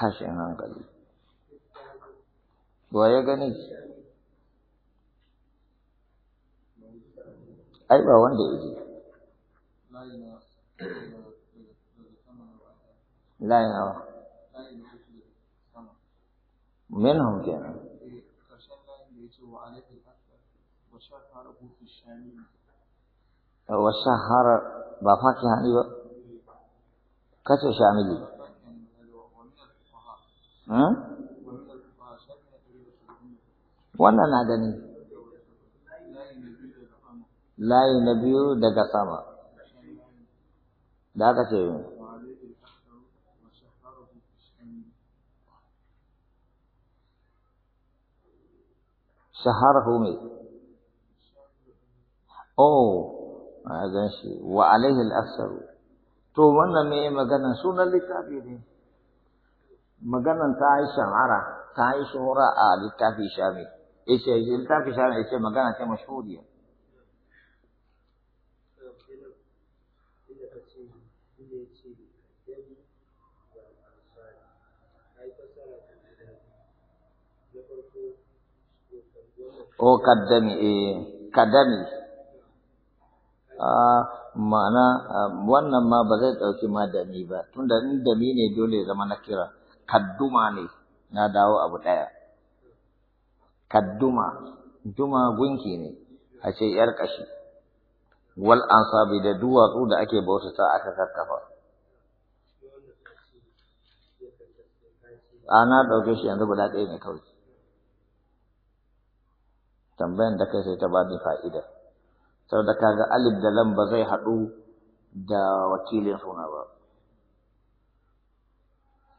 tashin hankali. Wa ya gani? Ai, ba wanda ya ji. Layin hawa. Min hankali. Ƙarshen layin da ba sha fara buɗe ba fakihani ba kace shamili Hmm? wannan na gani layi na biyu daga sama da aka ce shahararhu mai oh a gan shi wa alaihi al'asaru to wannan mai magana sunan littafi ne maganan ta yi shahara ta yi shahara a littafi shami yi littafi shami ita magana ce mashhuriya O kaddami eh kadami ah, ma'ana ah, wannan ma ba zai dauki ma dami ba tunda in dami ne dole zama na kira kadduma ne na dawo abu ɗaya kadduma duma gunki ne a ce yar ƙashi wal ansabi da duwatsu da ake bauta bautata aka karkafa ana ɗauke shi yanzu guda ɗaya ne kawai tambayan da kai sai ta bani ni fa'ida saboda kaga alif da lam ba zai haɗu da wakilin suna ba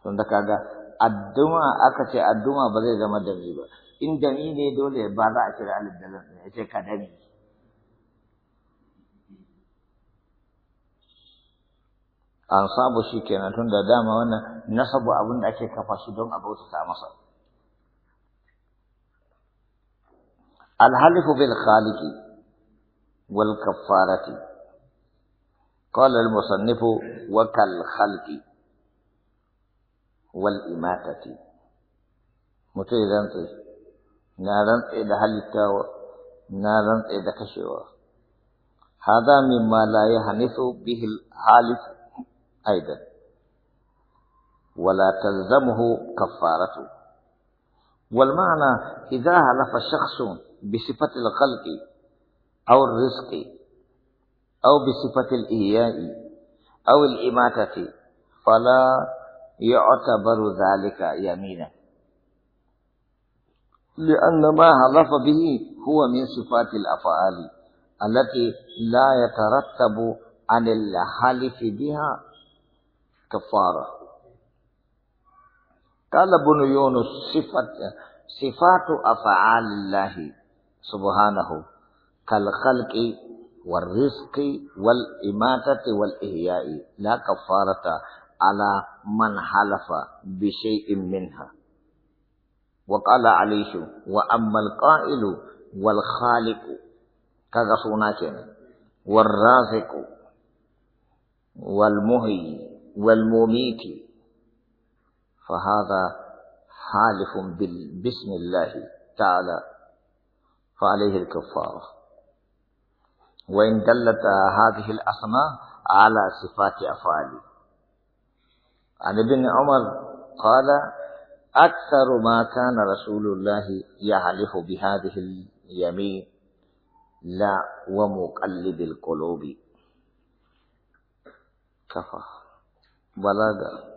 tunda kaga addu'a aka ce addu'a ba zai zama dami ba in dami ne dole ba za a kira alif da lam ya ce ka dami an sabu shi kenan tunda dama wannan nasabu abin da ake kafa shi don a bautata masa الحلف بالخالق والكفارة قال المصنف وكالخلق والإماتة متي ذنتي نادن إذا هل نادن تي إذا كشوا هذا مما لا يهنس به الحالف أيضا ولا تلزمه كفارة والمعنى إذا هلف الشخص بصفة الخلق أو الرزق أو بصفة الإياء أو الإماتة فلا يعتبر ذلك يمينا لأن ما حلف به هو من صفات الأفعال التي لا يترتب عن الحلف بها كفارة قال ابن يونس صفة صفات أفعال الله سبحانه كالخلق والرزق والإماتة والإحياء لا كفارة على من حلف بشيء منها وقال عليه وأما القائل والخالق كغصونا كنا والرازق والمهي والمميت فهذا حالف بسم الله تعالى فعليه الكفارة وإن دلت هذه الأسماء على صفات أفعاله عن ابن عمر قال أكثر ما كان رسول الله يعرف بهذه اليمين لا ومقلب القلوب كفى بلغ